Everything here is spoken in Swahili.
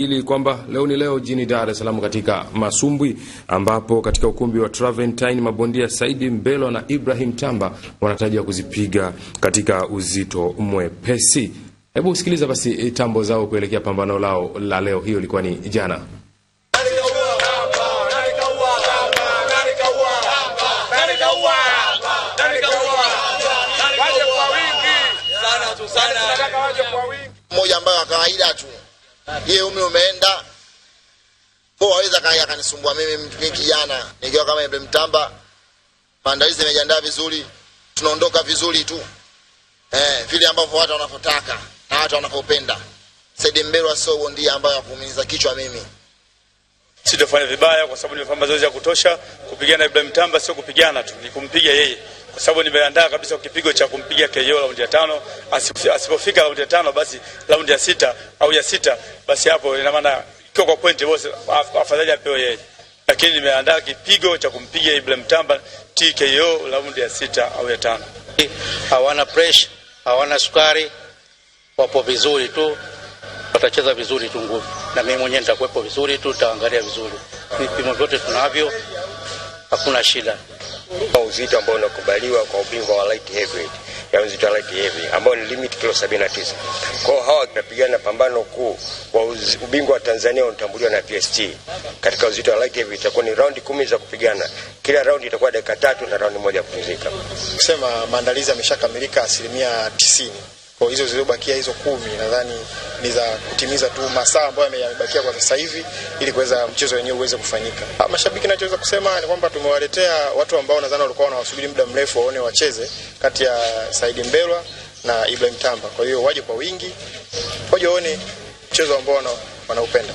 Ili kwamba leo ni leo jini Dar es Salaam katika masumbwi, ambapo katika ukumbi wa Traventine mabondia Saidi Mbelwa na Ibrahim Tamba wanatarajiwa kuzipiga katika uzito mwepesi. Hebu usikiliza basi eh, tambo zao kuelekea pambano lao la leo. Hiyo ilikuwa ni jana. ambayo wa kawaida tu yeye umi umeenda kwa waweza kaya kanisumbua mimi mimi kijana nikiwa kama Ibrahim Tamba. Maandalizi yamejiandaa vizuri, tunaondoka vizuri tu. Eh, vile ambavyo watu wanapotaka na watu wanapopenda Said Mbelwa Sogo ndiye ambaye akumiza kichwa mimi. Sitofanya vibaya kwa sababu nimefanya mazoezi ya kutosha. Kupigana Ibrahim Tamba sio kupigana tu, ni kumpiga yeye kwa sababu nimeandaa kabisa kipigo cha kumpiga KO raundi ya tano. Asipofika raundi ya tano, basi raundi ya sita au ya sita, basi hapo ina maana kio kwa pointi, bosi afadhali apewe yeye, lakini nimeandaa kipigo cha kumpiga Ibrahim Tamba TKO raundi ya sita au ya tano. Hawana pressure, hawana sukari, wapo vizuri tu, watacheza vizuri tu ngumi, na mimi mwenyewe nitakuwepo vizuri tu, nitaangalia vizuri, vipimo vyote tunavyo, hakuna shida uzito ambao unakubaliwa kwa ubingwa wa light heavyweight ya uzito wa light heavy ambao ni limit kilo 79. Kwa hiyo hawa tunapigana pambano kuu wa ubingwa wa Tanzania unatambuliwa na PST katika uzito wa light heavy. Itakuwa ni raundi kumi za kupigana, kila raundi itakuwa dakika tatu na raundi moja ya kupumzika. Kusema maandalizi yameshakamilika asilimia tisini. Kwa hizo zilizobakia hizo kumi nadhani ni za kutimiza tu masaa ambayo yamebakia kwa sasa hivi ili kuweza mchezo wenyewe uweze kufanyika. Ah, mashabiki, nachoweza kusema ni kwamba tumewaletea watu ambao nadhani walikuwa wanawasubiri muda mrefu waone wacheze kati ya Saidi Mbelwa na Ibrahim Tamba. Kwa hiyo waje kwa wingi, waje waone mchezo ambao wanaupenda.